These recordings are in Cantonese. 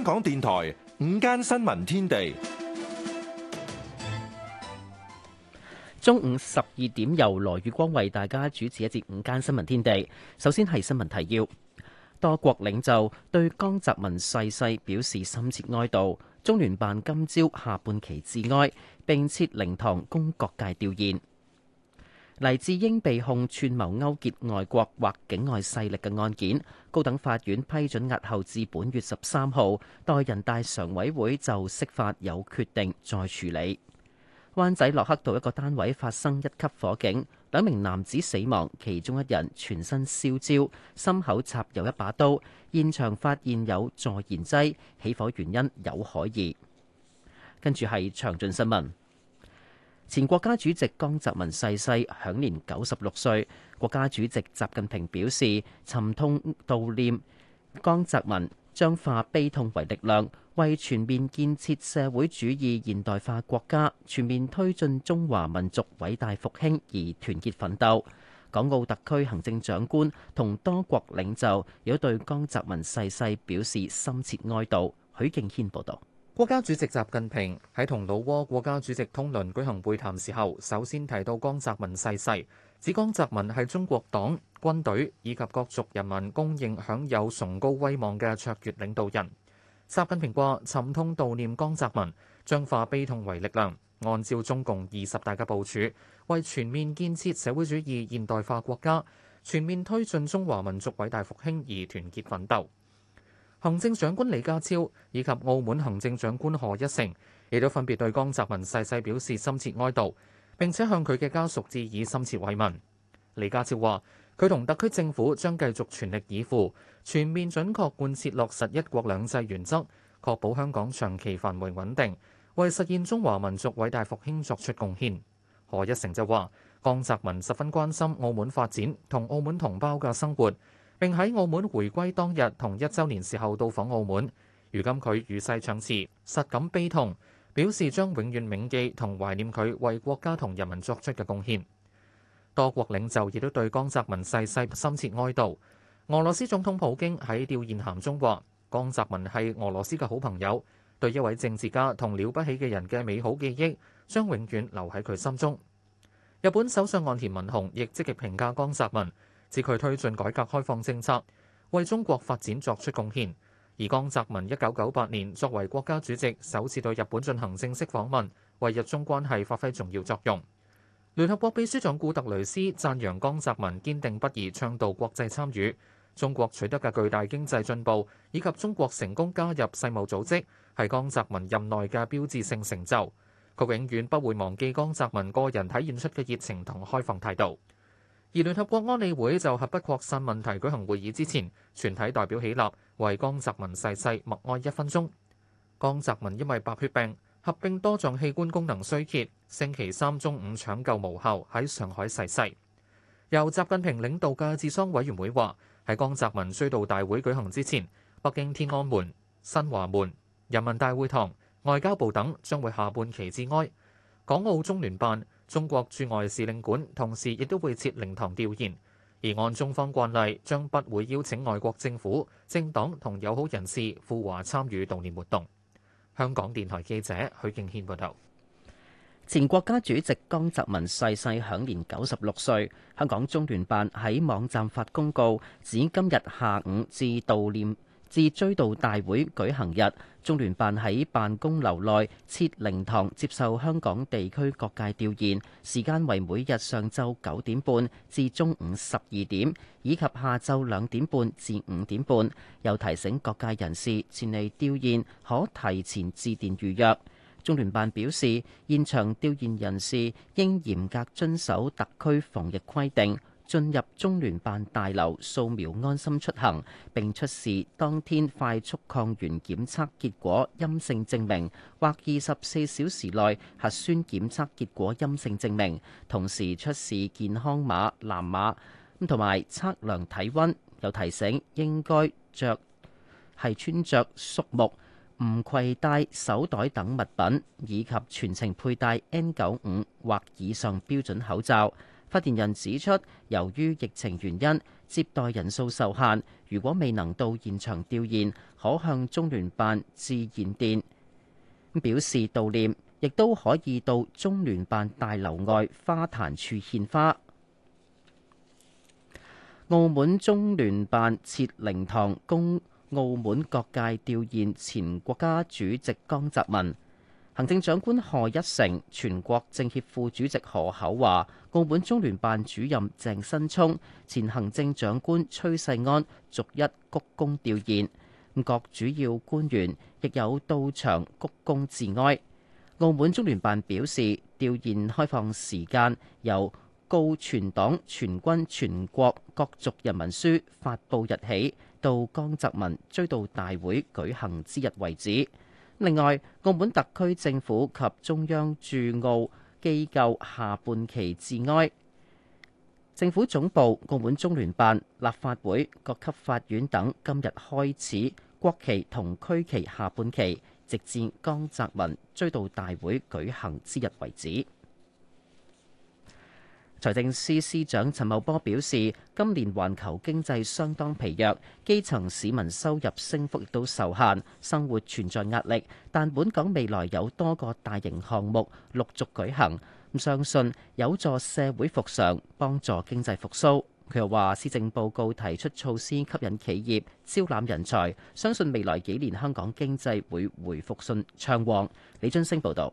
香港電台午間新聞天地，中午十二點由羅宇光為大家主持一節午間新聞天地。首先係新聞提要：多國領袖對江澤民逝世，世表示深切哀悼，中聯辦今朝下半旗致哀，並設靈堂供各界弔唁。黎智英被控串謀勾結外國或境外勢力嘅案件，高等法院批准押後至本月十三號，待人大常委會就釋法有決定再處理。灣仔洛克道一個單位發生一級火警，兩名男子死亡，其中一人全身燒焦，心口插有一把刀，現場發現有助燃劑，起火原因有可疑。跟住係詳盡新聞。前國家主席江澤民逝世，享年九十六歲。國家主席習近平表示，沉痛悼念江澤民，將化悲痛為力量，為全面建設社會主義現代化國家、全面推進中華民族偉大復興而團結奮鬥。港澳特區行政長官同多國領袖有對江澤民逝世表示深切哀悼。許敬軒報導。國家主席習近平喺同老撾國家主席通倫舉行會談時候，首先提到江澤民逝世。指江澤民係中國黨、軍隊以及各族人民公認享有崇高威望嘅卓越領導人。習近平話：沉痛悼念江澤民，將化悲痛為力量，按照中共二十大嘅部署，為全面建設社會主義現代化國家、全面推進中華民族偉大復興而團結奮鬥。行政長官李家超以及澳門行政長官賀一誠亦都分別對江澤民逝世表示深切哀悼，並且向佢嘅家屬致以深切慰問。李家超話：佢同特區政府將繼續全力以赴，全面準確貫徹落實一國兩制原則，確保香港長期繁榮穩定，為實現中華民族偉大復興作出貢獻。賀一誠就話：江澤民十分關心澳門發展同澳門同胞嘅生活。並喺澳門回歸當日同一週年時候到訪澳門，如今佢與世長辭，實感悲痛，表示將永遠銘記同懷念佢為國家同人民作出嘅貢獻。多國領袖亦都對江澤民逝世深切哀悼。俄羅斯總統普京喺吊唁函中話：江澤民係俄羅斯嘅好朋友，對一位政治家同了不起嘅人嘅美好記憶將永遠留喺佢心中。日本首相岸田文雄亦積極評價江澤民。指佢推進改革開放政策，為中國發展作出貢獻。而江澤民一九九八年作為國家主席，首次對日本進行正式訪問，為日中關係發揮重要作用。聯合國秘書長古特雷斯讚揚江澤民堅定不移倡導國際參與，中國取得嘅巨大經濟進步，以及中國成功加入世貿組織，係江澤民任內嘅標誌性成就。佢永遠不會忘記江澤民個人體現出嘅熱情同開放態度。而聯合國安理會就核不擴散問題舉行會議之前，全體代表起立，為江澤民逝世默哀一分鐘。江澤民因為白血病合併多臟器官功能衰竭，星期三中午搶救無效，喺上海逝世。由習近平領導嘅治喪委員會話：喺江澤民追悼大會舉行之前，北京天安門、新華門、人民大會堂、外交部等將會下半旗致哀。港澳中聯辦。中國駐外使領館同時亦都會設靈堂弔唁，而按中方慣例，將不會邀請外國政府、政黨同友好人士赴華參與悼念活動。香港電台記者許敬軒報道，前國家主席江澤民逝世，享年九十六歲。香港中聯辦喺網站發公告，指今日下午至悼念，至追悼大會舉行日，中聯辦喺辦公樓內設靈堂接受香港地區各界吊唁，時間為每日上晝九點半至中午十二點，以及下晝兩點半至五點半。又提醒各界人士前嚟吊唁可提前致電預約。中聯辦表示，現場吊唁人士應嚴格遵守特區防疫規定，進入中聯辦大樓掃描安心出行，並出示當天快速抗原檢測結果陰性證明或二十四小時內核酸檢測結果陰性證明，同時出示健康碼藍碼。同埋測量體温，有提醒應該著係穿着束木，唔攜帶手袋等物品，以及全程佩戴 N 九五或以上標準口罩。發電人指出，由於疫情原因，接待人數受限。如果未能到現場悼唁，可向中聯辦致唁電表示悼念，亦都可以到中聯辦大樓外花壇處獻花。澳門中聯辦設靈堂，供澳門各界悼唁前國家主席江澤民。行政長官賀一誠、全國政協副主席何厚鏵、澳門中聯辦主任鄭新聰、前行政長官崔世安逐一鞠躬吊唁，各主要官員亦有到場鞠躬致哀。澳門中聯辦表示，吊唁開放時間由告全黨全軍全國各族人民書發佈日起，到江澤民追悼大會舉行之日為止。另外，澳門特區政府及中央駐澳機構下半旗致哀，政府總部、澳門中聯辦、立法會、各級法院等今日開始，國旗同區旗下半旗，直至江澤民追悼大會舉行之日為止。財政司司長陳茂波表示，今年環球經濟相當疲弱，基層市民收入升幅亦都受限，生活存在壓力。但本港未來有多個大型項目陸續舉行，相信有助社會復常，幫助經濟復甦。佢又話，施政報告提出措施吸引企業招攬人才，相信未來幾年香港經濟會回復順暢旺。李津升報導。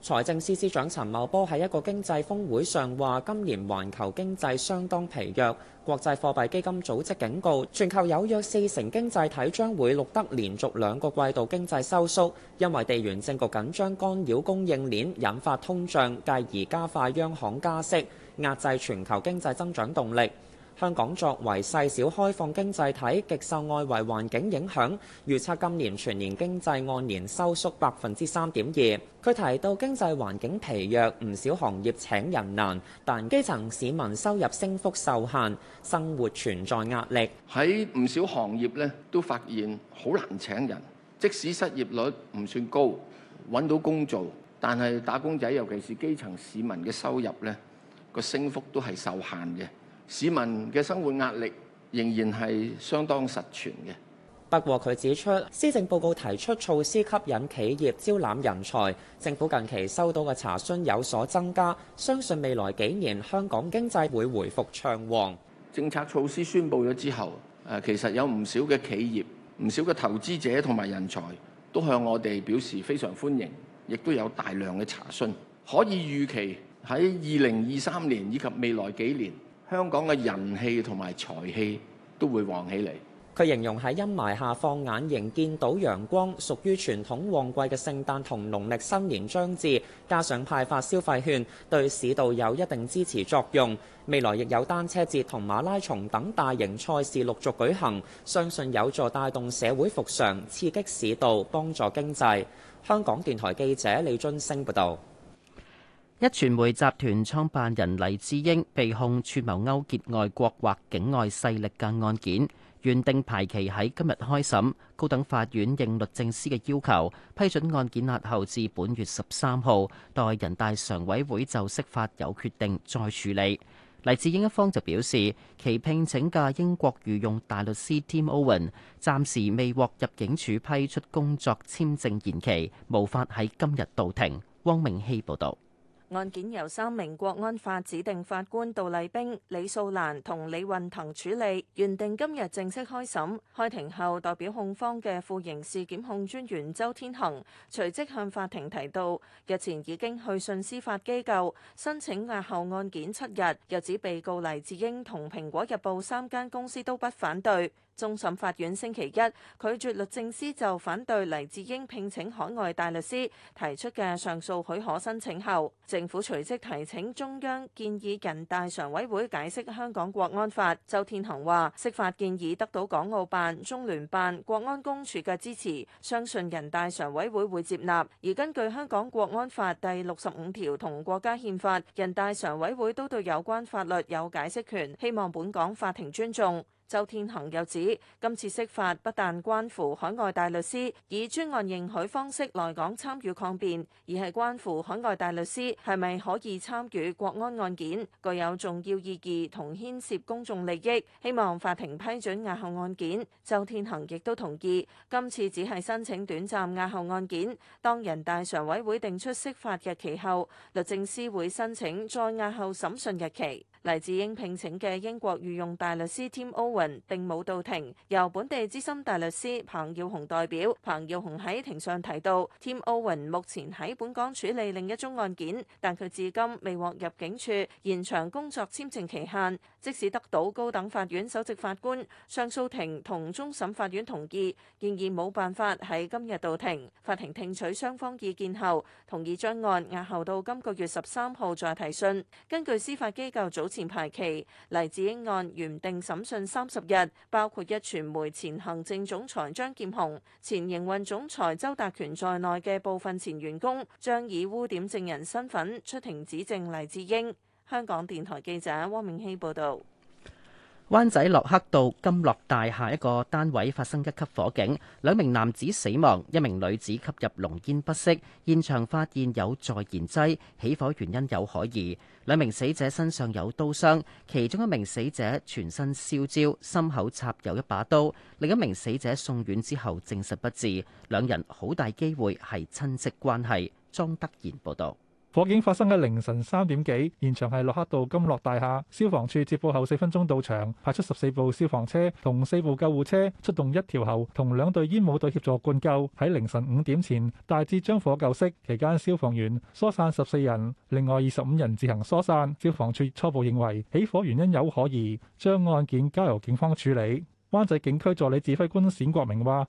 財政司司長陳茂波喺一個經濟峰會上話，今年環球經濟相當疲弱。國際貨幣基金組織警告，全球有約四成經濟體將會錄得連續兩個季度經濟收縮，因為地緣政局緊張干擾供應鏈，引發通脹，繼而加快央行加息，壓制全球經濟增長動力。香港作為細小開放經濟體，極受外圍環境影響。預測今年全年經濟按年收縮百分之三點二。佢提到經濟環境疲弱，唔少行業請人難，但基層市民收入升幅受限，生活存在壓力。喺唔少行業咧，都發現好難請人。即使失業率唔算高，揾到工做，但係打工仔，尤其是基層市民嘅收入咧，個升幅都係受限嘅。市民嘅生活壓力仍然係相當實存嘅。不過佢指出，施政報告提出措施吸引企業招攬人才，政府近期收到嘅查詢有所增加，相信未來幾年香港經濟會回復暢旺。政策措施宣布咗之後，誒其實有唔少嘅企業、唔少嘅投資者同埋人才都向我哋表示非常歡迎，亦都有大量嘅查詢，可以預期喺二零二三年以及未來幾年，香港嘅人氣同埋財氣都會旺起嚟。佢形容喺陰霾下放眼仍見到陽光，屬於傳統旺季嘅聖誕同農曆新年將至，加上派發消費券，對市道有一定支持作用。未來亦有單車節同馬拉松等大型賽事陸續舉行，相信有助帶動社會復常，刺激市道，幫助經濟。香港電台記者李津星報道。一傳媒集團創辦人黎智英被控串謀勾結外國或境外勢力嘅案件，原定排期喺今日開審，高等法院應律政司嘅要求，批准案件押後至本月十三號，待人大常委會就釋法有決定再處理。黎智英一方就表示，其聘請嘅英國御用大律師 Tim Owen 暫時未獲入境處批出工作簽證延期，無法喺今日到庭。汪明希報導。案件由三名國安法指定法官杜麗冰、李素蘭同李運騰處理，原定今日正式開審。開庭後，代表控方嘅副刑事檢控專員周天恒隨即向法庭提到，日前已經去信司法機構申請押後案件七日，又指被告黎智英同蘋果日報三間公司都不反對。終審法院星期一拒絕律政司就反對黎智英聘請海外大律師提出嘅上訴許可申請後，政府隨即提請中央建議人大常委會解釋香港國安法。周天鵬話：釋法建議得到港澳辦、中聯辦、國安公署嘅支持，相信人大常委會會接納。而根據香港國安法第六十五條同國家憲法，人大常委會都對有關法律有解釋權，希望本港法庭尊重。周天行又指，今次釋法不但關乎海外大律師，以專案認許方式來港參與抗辯，而係關乎海外大律師係咪可以參與國安案件，具有重要意義同牽涉公眾利益。希望法庭批准押後案件。周天行亦都同意，今次只係申請短暫押後案件。當人大常委會定出釋法日期後，律政司會申請再押後審訊日期。黎智英聘請嘅英國御用大律師 Tim Owen 並冇到庭，由本地資深大律師彭耀雄代表。彭耀雄喺庭上提到，Tim Owen 目前喺本港處理另一宗案件，但佢至今未獲入境處延長工作簽證期限。即使得到高等法院首席法官、上訴庭同終審法院同意，仍然冇辦法喺今日到庭。法庭聽取雙方意見後，同意將案押後到今個月十三號再提訊。根據司法機構組。前排期黎智英案，原定審訊三十日，包括壹傳媒前行政總裁張劍虹、前營運總裁周達權在內嘅部分前員工，將以污點證人身份出庭指證黎智英。香港電台記者汪明希報道：灣仔駱克道金樂大廈一個單位發生一級火警，兩名男子死亡，一名女子吸入濃煙不適，現場發現有助燃劑，起火原因有可疑。兩名死者身上有刀傷，其中一名死者全身燒焦，心口插有一把刀；另一名死者送院之後證實不治，兩人好大機會係親戚關係。莊德賢報道。火警發生喺凌晨三點幾，現場係洛克道金樂大廈。消防處接報後四分鐘到場，派出十四部消防車同四部救護車，出動一條喉同兩隊煙霧隊協助灌救。喺凌晨五點前大致將火救熄，期間消防員疏散十四人，另外二十五人自行疏散。消防處初步認為起火原因有可疑，將案件交由警方處理。灣仔警區助理指揮官冼國明話。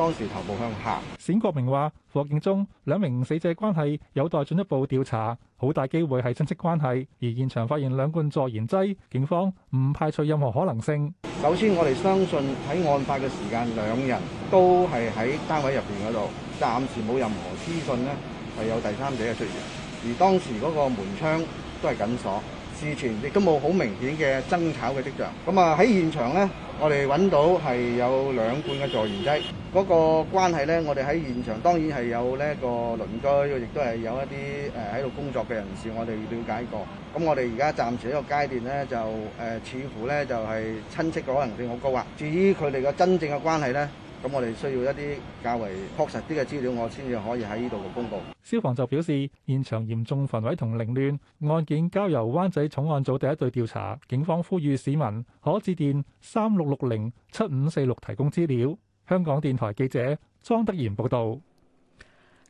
當時頭部向下。冼國明話，火警中兩名死者關係有待進一步調查，好大機會係親戚關係。而現場發現兩罐助燃劑，警方唔排除任何可能性。首先，我哋相信喺案發嘅時間，兩人都係喺單位入邊嗰度，暫時冇任何資訊咧係有第三者嘅出現。而當時嗰個門窗都係緊鎖，事前亦都冇好明顯嘅爭吵嘅跡象。咁啊喺現場呢。我哋揾到係有兩罐嘅助燃劑，嗰、那個關係咧，我哋喺現場當然係有呢一個鄰居，亦都係有一啲誒喺度工作嘅人士，我哋了解過。咁我哋而家暫時呢個階段咧，就誒、呃、似乎咧就係、是、親戚嘅可能性好高啊。至於佢哋嘅真正嘅關係咧，咁我哋需要一啲較為確實啲嘅資料，我先至可以喺呢度公布。消防就表示，現場嚴重焚毀同凌亂，案件交由灣仔重案組第一隊調查。警方呼籲市民可致電三六六零七五四六提供資料。香港電台記者莊德賢報道。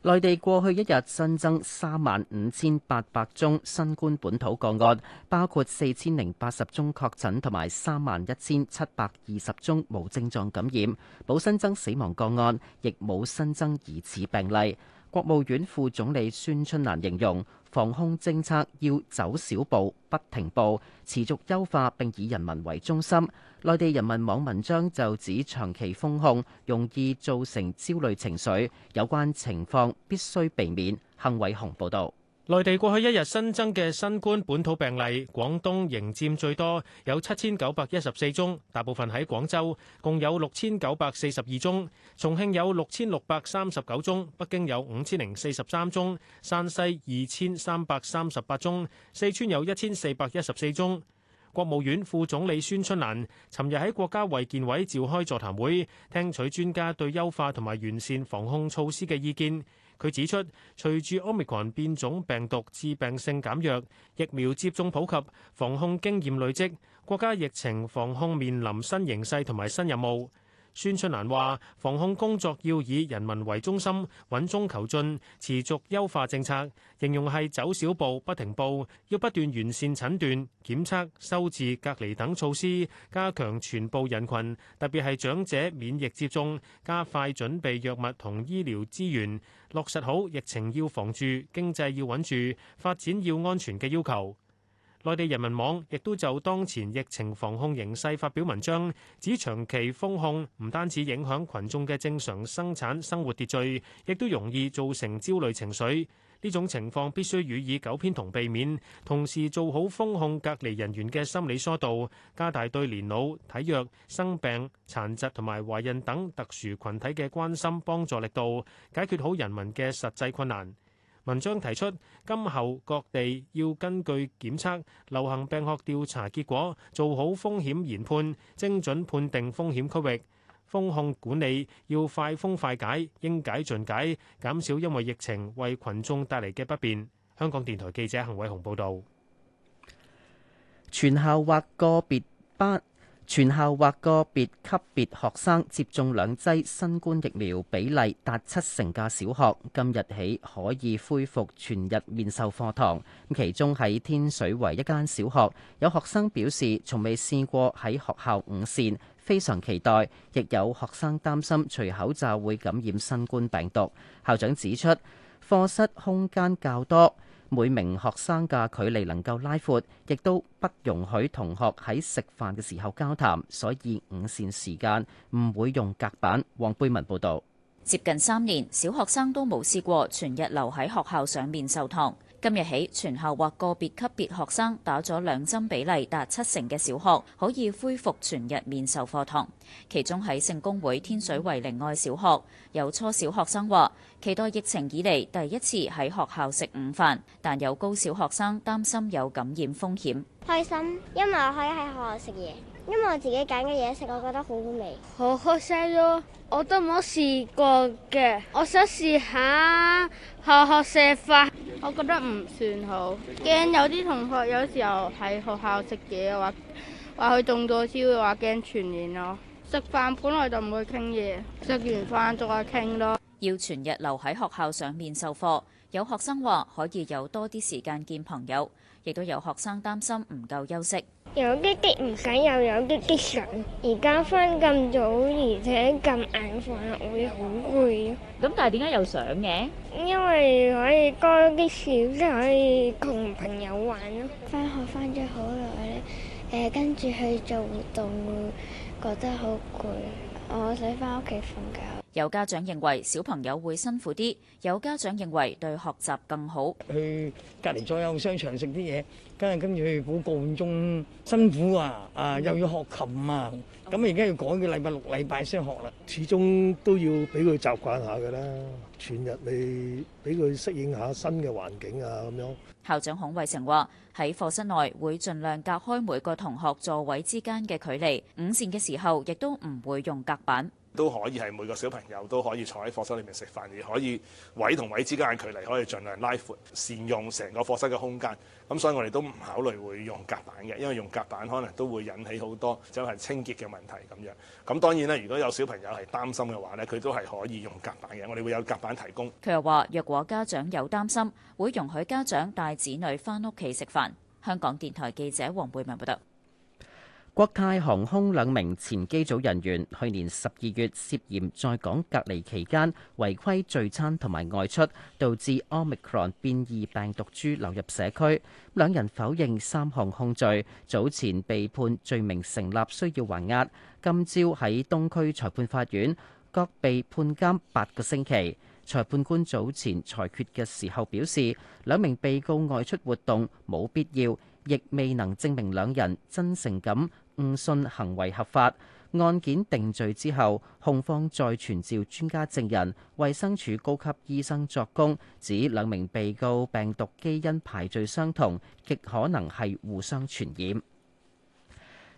內地過去一日新增三萬五千八百宗新冠本土個案，包括四千零八十宗確診，同埋三萬一千七百二十宗無症狀感染。冇新增死亡個案，亦冇新增疑似病例。國務院副總理孫春蘭形容，防控政策要走小步、不停步，持續優化並以人民為中心。內地人民網文章就指，長期封控容易造成焦慮情緒，有關情況必須避免。幸偉雄報導。內地過去一日新增嘅新冠本土病例，廣東仍佔最多，有七千九百一十四宗，大部分喺廣州，共有六千九百四十二宗；重慶有六千六百三十九宗，北京有五千零四十三宗，山西二千三百三十八宗，四川有一千四百一十四宗。國務院副總理孫春蘭尋日喺國家衛健委召開座談會，聽取專家對優化同埋完善防控措施嘅意見。佢指出，隨住 Omicron 變種病毒致病性減弱，疫苗接種普及，防控經驗累積，國家疫情防控面臨新形勢同埋新任務。孫春蘭話：防控工作要以人民為中心，穩中求進，持續優化政策，形容係走小步不停步，要不斷完善診斷、檢測、收治、隔離等措施，加強全部人群，特別係長者免疫接種，加快準備藥物同醫療資源，落實好疫情要防住、經濟要穩住、發展要安全嘅要求。內地人民網亦都就當前疫情防控形勢發表文章，指長期封控唔單止影響群眾嘅正常生產生活秩序，亦都容易造成焦慮情緒。呢種情況必須予以糾偏同避免，同時做好封控隔離人員嘅心理疏導，加大對年老、體弱、生病、殘疾同埋懷孕等特殊群體嘅關心幫助力度，解決好人民嘅實際困難。文章提出，今後各地要根據檢測流行病學調查結果，做好風險研判，精準判定風險區域。封控管理要快封快解，應解盡解，減少因為疫情為群眾帶嚟嘅不便。香港電台記者陳偉雄報道。全校或個別班。全校或個別級別學生接種兩劑新冠疫苗比例達七成嘅小學，今日起可以恢復全日面授課堂。咁其中喺天水圍一間小學，有學生表示從未試過喺學校午膳，非常期待。亦有學生擔心除口罩會感染新冠病毒。校長指出，課室空間較多。每名學生嘅距離能夠拉闊，亦都不容許同學喺食飯嘅時候交談，所以午膳時間唔會用隔板。黃貝文報導，接近三年小學生都冇試過全日留喺學校上面授堂。今日起，全校或個別級別學生打咗兩針比例達七成嘅小學，可以恢復全日面授課堂。其中喺聖公會天水圍靈愛小學，有初小學生話。期待疫情以嚟第一次喺學校食午飯，但有高小學生擔心有感染風險。開心，因為我可以喺學校食嘢，因為我自己揀嘅嘢食，我覺得好好味。好好食咯，我都冇試過嘅，我想試下學校食飯。我覺得唔算好，驚有啲同學有時候喺學校食嘢嘅話，話佢中咗招嘅話，驚傳染咯。食飯本來就唔會傾嘢，食完飯再傾咯。要全日留喺學校上面授課，有學生話可以有多啲時間見朋友，亦都有學生擔心唔夠休息。有啲啲唔使又有啲啲想，而家翻咁早，而且咁眼瞓，會好攰。咁但係點解又想嘅？因為可以多啲事，先可以同朋友玩咯。翻學翻咗好耐咧，誒跟住去做活動會覺得好攰，我想翻屋企瞓覺。有家長認為小朋友會辛苦啲，有家長認為對學習更好。去隔離左右商場食啲嘢，跟住跟住去補個半鐘，辛苦啊！啊，又要學琴啊，咁而家要改嘅禮拜六禮拜先學啦。始終都要俾佢習慣下㗎啦，全日你俾佢適應下新嘅環境啊咁樣。校長孔惠成話：喺課室內會盡量隔開每個同學座位之間嘅距離，午膳嘅時候亦都唔會用隔板。都可以係每個小朋友都可以坐喺課室裏面食飯，而可以位同位之間嘅距離可以盡量拉闊，善用成個課室嘅空間。咁所以我哋都唔考慮會用夾板嘅，因為用夾板可能都會引起好多即係清潔嘅問題咁樣。咁當然啦，如果有小朋友係擔心嘅話呢，佢都係可以用夾板嘅。我哋會有夾板提供。佢又話：若果家長有擔心，會容許家長帶子女翻屋企食飯。香港電台記者黃貝文報道。國泰航空兩名前機組人員去年十二月涉嫌在港隔離期間違規聚餐同埋外出，導致 Omicron 變異病毒株流入社區。兩人否認三項控罪，早前被判罪名成立，需要還押。今朝喺東區裁判法院，各被判監八個星期。裁判官早前裁決嘅時候表示，兩名被告外出活動冇必要，亦未能證明兩人真誠咁誤信行為合法，案件定罪之後，控方再傳召專家證人、衛生署高級醫生作供，指兩名被告病毒基因排序相同，極可能係互相傳染。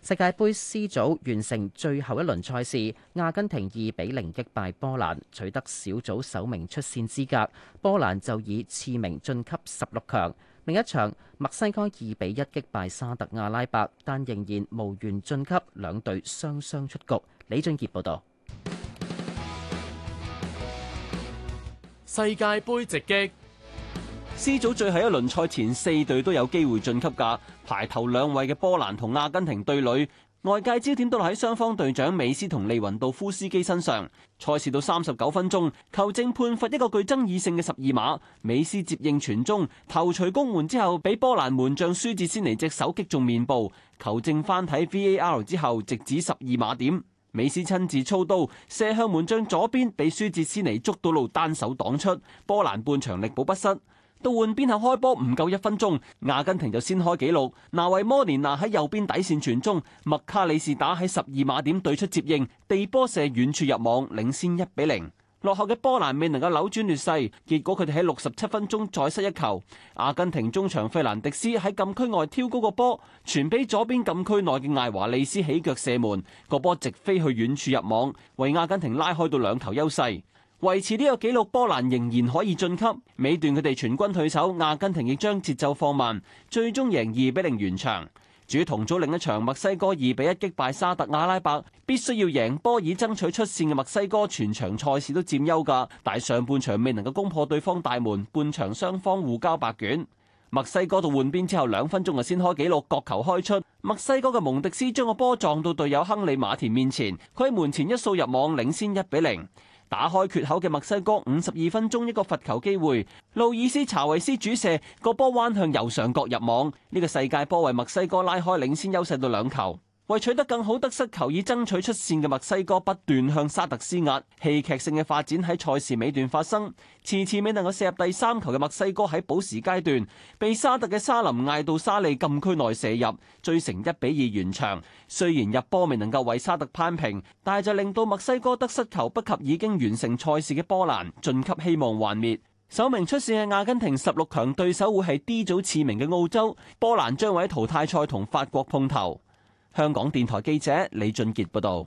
世界盃 C 組完成最後一輪賽事，阿根廷二比零擊敗波蘭，取得小組首名出線資格，波蘭就以次名晉級十六強。另一場墨西哥二比一擊敗沙特阿拉伯，但仍然無緣晉級，兩隊雙雙出局。李俊杰報道。世界盃直擊，C 組最後一輪賽前四隊都有機會晉級噶，排頭兩位嘅波蘭同阿根廷對壘。外界焦點都落喺雙方隊長，美斯同利雲道夫斯基身上。賽事到三十九分鐘，球證判罰一個具爭議性嘅十二碼，美斯接應傳中，頭錘攻門之後，俾波蘭門將舒哲斯尼隻手擊中面部。球證翻睇 V A R 之後，直指十二碼點，美斯親自操刀射向門將左邊，俾舒哲斯尼捉到路單手擋出，波蘭半場力保不失。到換邊後開波唔夠一分鐘，阿根廷就先開紀錄。那維摩連拿喺右邊底線傳中，麥卡里士打喺十二碼點對出接應，地波射遠處入網，領先一比零。落後嘅波蘭未能夠扭轉劣勢，結果佢哋喺六十七分鐘再失一球。阿根廷中場費蘭迪斯喺禁區外挑高個波，傳俾左邊禁區內嘅艾華利斯起腳射門，個波直飛去遠處入網，為阿根廷拉開到兩球優勢。維持呢個紀錄，波蘭仍然可以晉級。尾段佢哋全軍退守，阿根廷亦將節奏放慢，最終贏二比零完場。主同組另一場墨西哥二比一擊敗沙特阿拉伯，必須要贏波以爭取出線嘅墨西哥，全場賽事都佔優噶，但係上半場未能夠攻破對方大門，半場雙方互交白卷。墨西哥度換邊之後兩分鐘啊先開紀錄，角球開出，墨西哥嘅蒙迪斯將個波撞到隊友亨利馬田面前，佢喺門前一掃入網，領先一比零。打開缺口嘅墨西哥五十二分鐘一個罰球機會，路易斯查維斯主射個波彎向右上角入網，呢、這個世界波為墨西哥拉開領先優勢到兩球。為取得更好得失球以爭取出線嘅墨西哥不斷向沙特施壓，戲劇性嘅發展喺賽事尾段發生。遲遲未能夠射入第三球嘅墨西哥喺補時階段被沙特嘅沙林嗌到沙利禁區內射入，追成一比二完場。雖然入波未能夠為沙特攀平，但係就令到墨西哥得失球不及已經完成賽事嘅波蘭晉級希望幻滅。首名出線嘅阿根廷十六強對手會係 D 組次名嘅澳洲，波蘭將會喺淘汰賽同法國碰頭。香港電台記者李俊杰報道：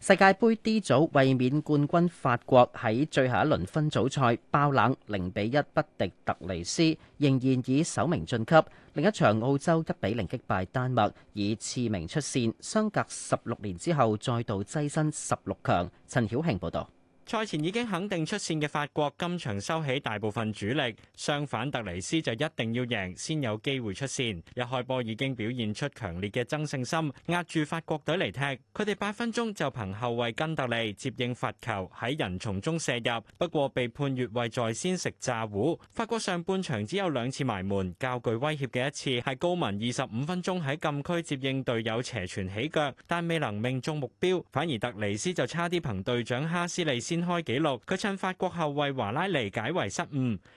世界杯 D 組衛冕冠軍法國喺最後一輪分組賽爆冷零比一不敵突尼斯，仍然以首名晉級。另一場澳洲一比零擊敗丹麥，以次名出線，相隔十六年之後再度躋身十六強。陳曉慶報道。賽前已經肯定出線嘅法國今場收起大部分主力，相反特尼斯就一定要贏先有機會出線。一開波已經表現出強烈嘅爭勝心，壓住法國隊嚟踢。佢哋八分鐘就憑後衛根特利接應罰球喺人叢中射入，不過被判越位在先食炸糊。法國上半場只有兩次埋門，較具威脅嘅一次係高民二十五分鐘喺禁區接應隊友斜傳起腳，但未能命中目標，反而特尼斯就差啲憑隊長哈斯利斯開紀錄，佢趁法國後衛華拉尼解圍失誤。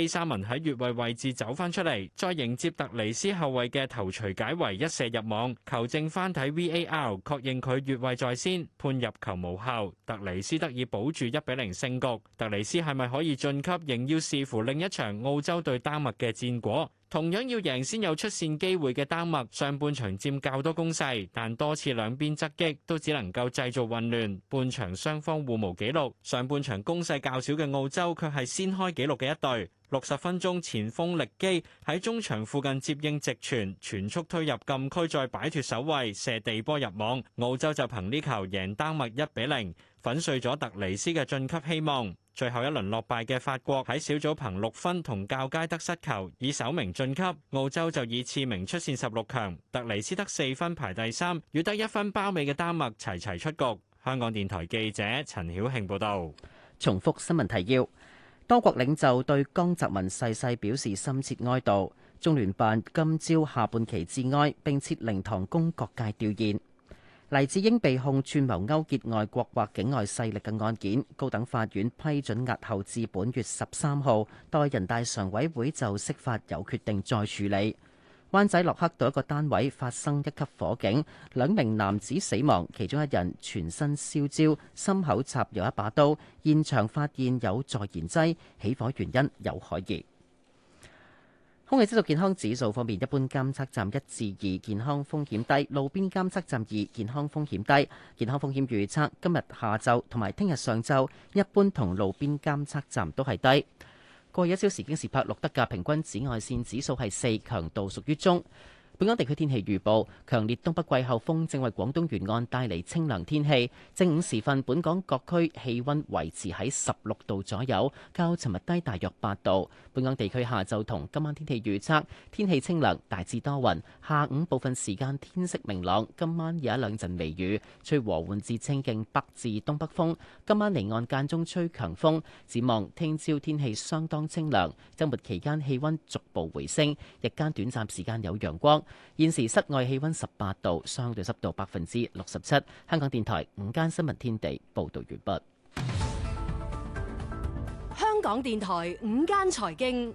基沙文喺越位位置走翻出嚟，再迎接特尼斯後衛嘅頭錘解圍一射入網，球證翻睇 VAR，確認佢越位在先，判入球無效。特尼斯得以保住一比零勝局。特尼斯係咪可以晉級，仍要視乎另一場澳洲對丹麥嘅戰果。同樣要贏先有出線機會嘅丹麥，上半場佔較多攻勢，但多次兩邊側擊都只能夠製造混亂。半場雙方互無紀錄，上半場攻勢較少嘅澳洲，卻係先開紀錄嘅一隊。六十分鐘，前鋒力基喺中場附近接應直傳，全速推入禁區，再擺脫守衞，射地波入網。澳洲就憑呢球贏丹麥一比零，0, 粉碎咗突尼斯嘅晉級希望。最後一輪落敗嘅法國喺小組憑六分同較佳得失球，以首名晉級。澳洲就以次名出線十六強。突尼斯得四分排第三，與得一分包尾嘅丹麥齊，齊齊出局。香港電台記者陳曉慶報道。重複新聞提要。多國領袖對江澤民逝世，世表示深切哀悼，中聯辦今朝下半期致哀並設靈堂供各界吊唁。黎智英被控串謀勾結外國或境外勢力嘅案件，高等法院批准押後至本月十三號，待人大常委會就釋法有決定再處理。灣仔洛克道一個單位發生一級火警，兩名男子死亡，其中一人全身燒焦，心口插有一把刀，現場發現有助燃劑，起火原因有可疑。空氣質素健康指數方面，一般監測站一至二健康風險低，路邊監測站二健康風險低，健康風險預測今日下晝同埋聽日上晝一般同路邊監測站都係低。過去一小時已經攝拍，錄得嘅平均紫外線指數係四，強度屬於中。本港地區天氣預報：強烈東北季候風正為廣東沿岸帶嚟清涼天氣。正午時分，本港各區氣溫維持喺十六度左右，較尋日低大約八度。本港地區下晝同今晚天氣預測：天氣清涼，大致多雲。下午部分時間天色明朗，今晚有一兩陣微雨，吹和緩至清勁北至東北風。今晚離岸間中吹強風。展望聽朝天氣相當清涼，週末期間氣溫逐步回升，日間短暫時間有陽光。現時室外氣溫十八度，相對濕度百分之六十七。香港電台午間新聞天地報道完畢。香港電台午間財經，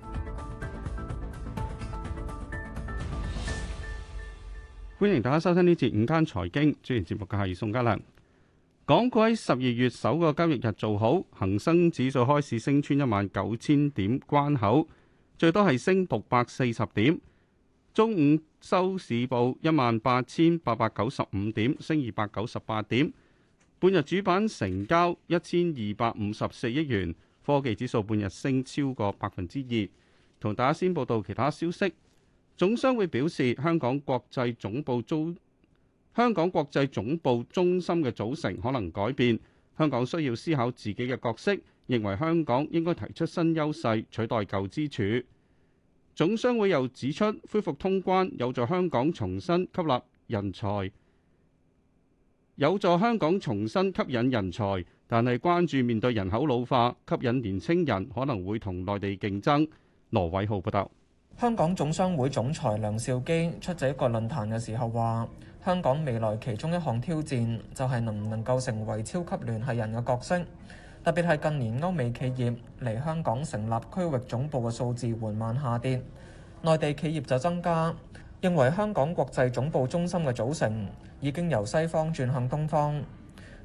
歡迎大家收聽呢節午間財經。主持節目嘅係宋家良。港股喺十二月首個交易日做好，恒生指數開始升穿一萬九千點關口，最多係升六百四十點，中午。收市報一萬八千八百九十五點，升二百九十八點。半日主板成交一千二百五十四億元，科技指數半日升超過百分之二。同大家先報道其他消息。總商會表示香，香港國際總部租香港國際總部中心嘅組成可能改變，香港需要思考自己嘅角色，認為香港應該提出新優勢取代舊支柱。總商會又指出，恢復通關有助香港重新吸納人才，有助香港重新吸引人才，但係關注面對人口老化，吸引年青人可能會同內地競爭。羅偉浩報道，香港總商會總裁梁兆基出席一個論壇嘅時候話，香港未來其中一項挑戰就係能唔能夠成為超級聯繫人嘅角色。特別係近年歐美企業嚟香港成立區域總部嘅數字緩慢下跌，內地企業就增加。認為香港國際總部中心嘅組成已經由西方轉向東方。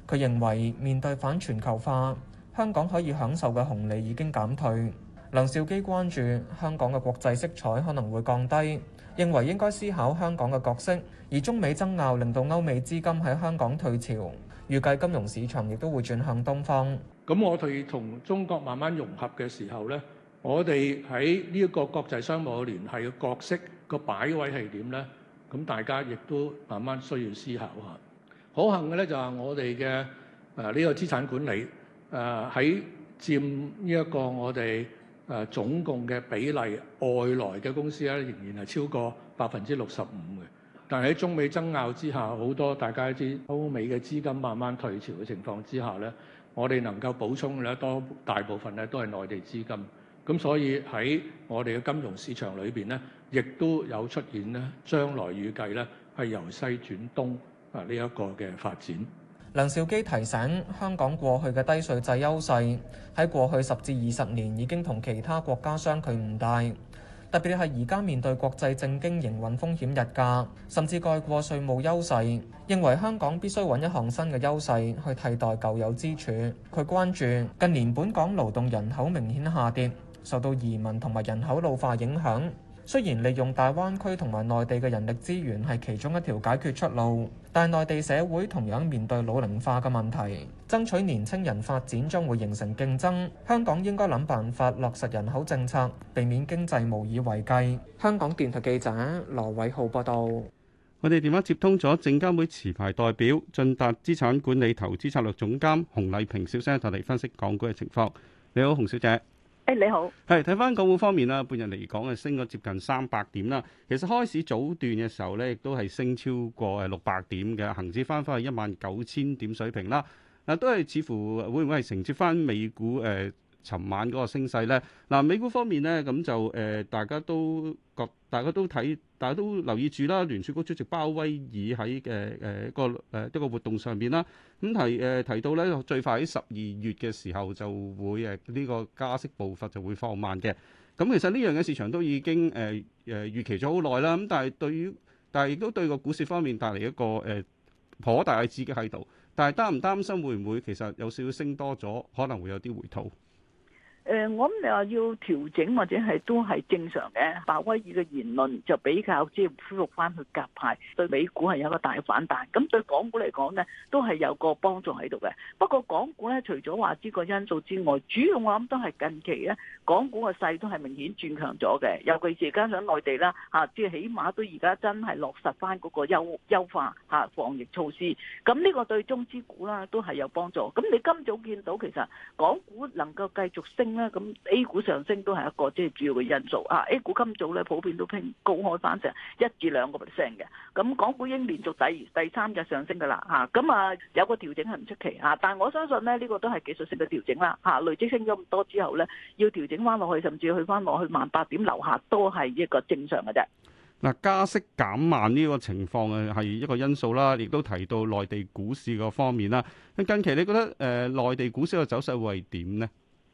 佢認為面對反全球化，香港可以享受嘅紅利已經減退。梁兆基關注香港嘅國際色彩可能會降低，認為應該思考香港嘅角色。而中美爭拗令到歐美資金喺香港退潮，預計金融市場亦都會轉向東方。咁我哋同中國慢慢融合嘅時候咧，我哋喺呢一個國際商務嘅聯繫嘅角色個擺位係點咧？咁大家亦都慢慢需要思考下。可幸嘅咧就係我哋嘅誒呢個資產管理誒喺佔呢一個我哋誒總共嘅比例，外來嘅公司咧，仍然係超過百分之六十五嘅。但係喺中美爭拗之下，好多大家知歐美嘅資金慢慢退潮嘅情況之下咧。我哋能夠補充咧，多大部分咧都係內地資金，咁所以喺我哋嘅金融市場裏邊咧，亦都有出現咧，將來預計咧係由西轉東啊呢一個嘅發展。梁兆基提醒，香港過去嘅低稅制優勢喺過去十至二十年已經同其他國家相距唔大。特別係而家面對國際政經營運風險日加，甚至蓋過稅務優勢，認為香港必須揾一項新嘅優勢去替代舊有支柱。佢關注近年本港勞動人口明顯下跌，受到移民同埋人口老化影響。雖然利用大灣區同埋內地嘅人力資源係其中一條解決出路，但內地社會同樣面對老齡化嘅問題。爭取年青人發展將會形成競爭，香港應該諗辦法落實人口政策，避免經濟無以為繼。香港電台記者羅偉浩報道。我哋電話接通咗證監會持牌代表進達資產管理投資策略總監洪禮平小姐，就嚟分析港股嘅情況。你好，洪小姐。誒、欸，你好。係睇翻港股方面啦，半日嚟講啊，係升咗接近三百點啦。其實開市早段嘅時候咧，亦都係升超過係六百點嘅，恆指翻返去一萬九千點水平啦。嗱，都係似乎會唔會係承接翻美股誒？尋、呃、晚嗰個升勢咧，嗱、呃，美股方面咧，咁就誒、呃，大家都覺，大家都睇，大家都留意住啦。聯儲局主席鮑威爾喺嘅誒個誒一、呃、個活動上邊啦，咁、嗯、提誒、呃、提到咧，最快喺十二月嘅時候就會誒呢、這個加息步伐就會放慢嘅。咁、嗯、其實呢樣嘅市場都已經誒誒、呃呃、預期咗好耐啦。咁但係對於，但係亦都對個股市方面帶嚟一個誒頗大嘅刺激喺度。但係擔唔擔心會唔會其實有少少升多咗，可能會有啲回吐？誒、呃，我諗你話要調整或者係都係正常嘅。鮑威爾嘅言論就比較即係、就是、恢復翻去夾派，對美股係有個大反彈。咁對港股嚟講呢，都係有個幫助喺度嘅。不過港股咧，除咗話呢個因素之外，主要我諗都係近期咧，港股嘅勢都係明顯轉強咗嘅。尤其是而家喺內地啦，嚇、啊，即係起碼都而家真係落實翻嗰個優、優化嚇、啊、防疫措施。咁呢個對中資股啦都係有幫助。咁你今早見到其實港股能夠繼續升。咁 A 股上升都係一個即係主要嘅因素啊！A 股今早咧普遍都拼高開翻成一至兩個 percent 嘅，咁港股已經連續第二、第三日上升噶啦。吓，咁啊有個調整係唔出奇吓、啊，但我相信咧呢、呢個都係技術性嘅調整啦吓、啊，累積升咗咁多之後咧，要調整翻落去，甚至去翻落去萬八點樓下都係一個正常嘅啫。嗱，加息減慢呢個情況啊係一個因素啦，亦都提到內地股市個方面啦。近期你覺得誒、呃、內地股市嘅走勢會係點呢？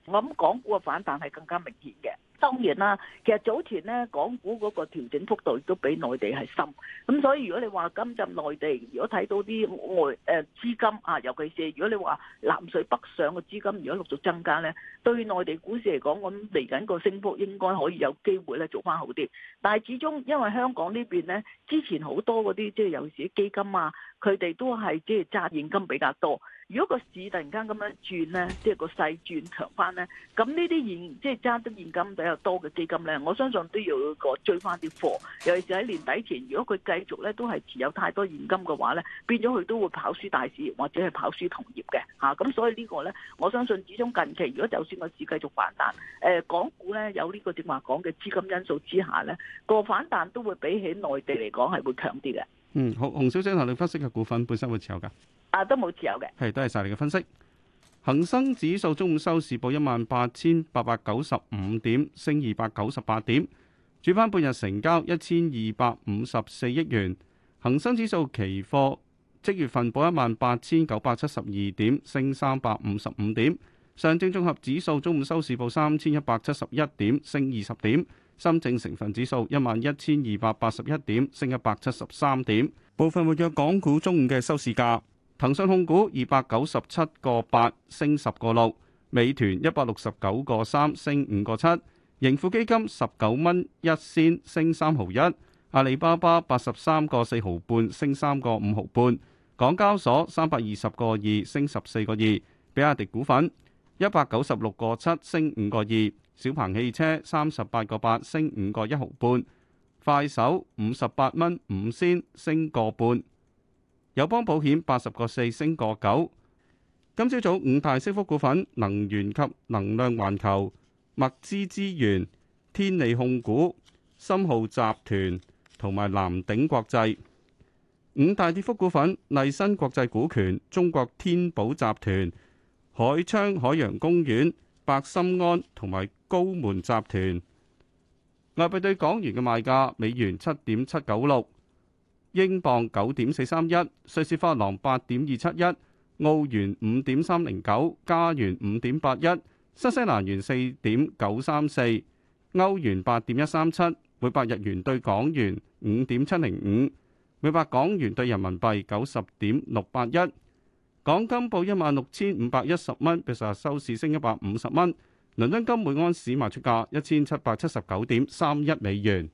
我諗港股嘅反彈係更加明顯嘅。當然啦，其實早前咧，港股嗰個調整幅度都比內地係深，咁所以如果你話今陣內地如果睇到啲外誒、呃、資金啊，尤其是如果你話南水北上嘅資金如果陸續增加咧，對內地股市嚟講，咁嚟緊個升幅應該可以有機會咧做翻好啲。但係始終因為香港邊呢邊咧，之前好多嗰啲即係有時啲基金啊，佢哋都係即係揸現金比較多。如果個市突然間咁樣轉咧，即、就、係、是、個勢轉強翻咧，咁呢啲現即係揸啲現金比較多嘅基金咧，我相信都要個追翻啲貨。尤其是喺年底前，如果佢繼續咧都係持有太多現金嘅話咧，變咗佢都會跑輸大市或者係跑輸同業嘅。吓、啊，咁所以個呢個咧，我相信始終近期如果就算個市繼續反彈，誒、呃，港股咧有呢個點話講嘅資金因素之下咧，個反彈都會比起內地嚟講係會強啲嘅。嗯，好，洪小姐，同你分析嘅股份本身會持有噶？啊，都冇持有嘅。係，多謝晒你嘅分析。恒生指數中午收市報一萬八千八百九十五點，升二百九十八點。主板半日成交一千二百五十四億元。恒生指數期貨即月份報一萬八千九百七十二點，升三百五十五點。上證綜合指數中午收市報三千一百七十一點，升二十點。深證成分指數一萬一千二百八十一點，升一百七十三點。部分活躍港股中午嘅收市價。騰訊控股二百九十七個八升十個六，美團一百六十九個三升五個七，盈富基金十九蚊一仙升三毫一，阿里巴巴八十三個四毫半升三個五毫半，港交所三百二十個二升十四個二，比亞迪股份一百九十六個七升五個二，小鵬汽車三十八個八升五個一毫半，快手五十八蚊五仙升個半。友邦保險八十個四升個九。今朝早，早五大升幅股份：能源及能量、環球、麥資資源、天利控股、深浩集團同埋藍鼎國際。五大跌幅股份：麗新國際股權、中國天保集團、海昌海洋公園、百心安同埋高門集團。外幣對港元嘅賣價，美元七點七九六。英鎊九點四三一，瑞士法郎八點二七一，澳元五點三零九，加元五點八一，新西蘭元四點九三四，歐元八點一三七，每百日元兌港元五點七零五，每百港元兌人民幣九十點六八一。港金報一萬六千五百一十蚊，比上日收市升一百五十蚊。倫敦金每安士賣出價一千七百七十九點三一美元。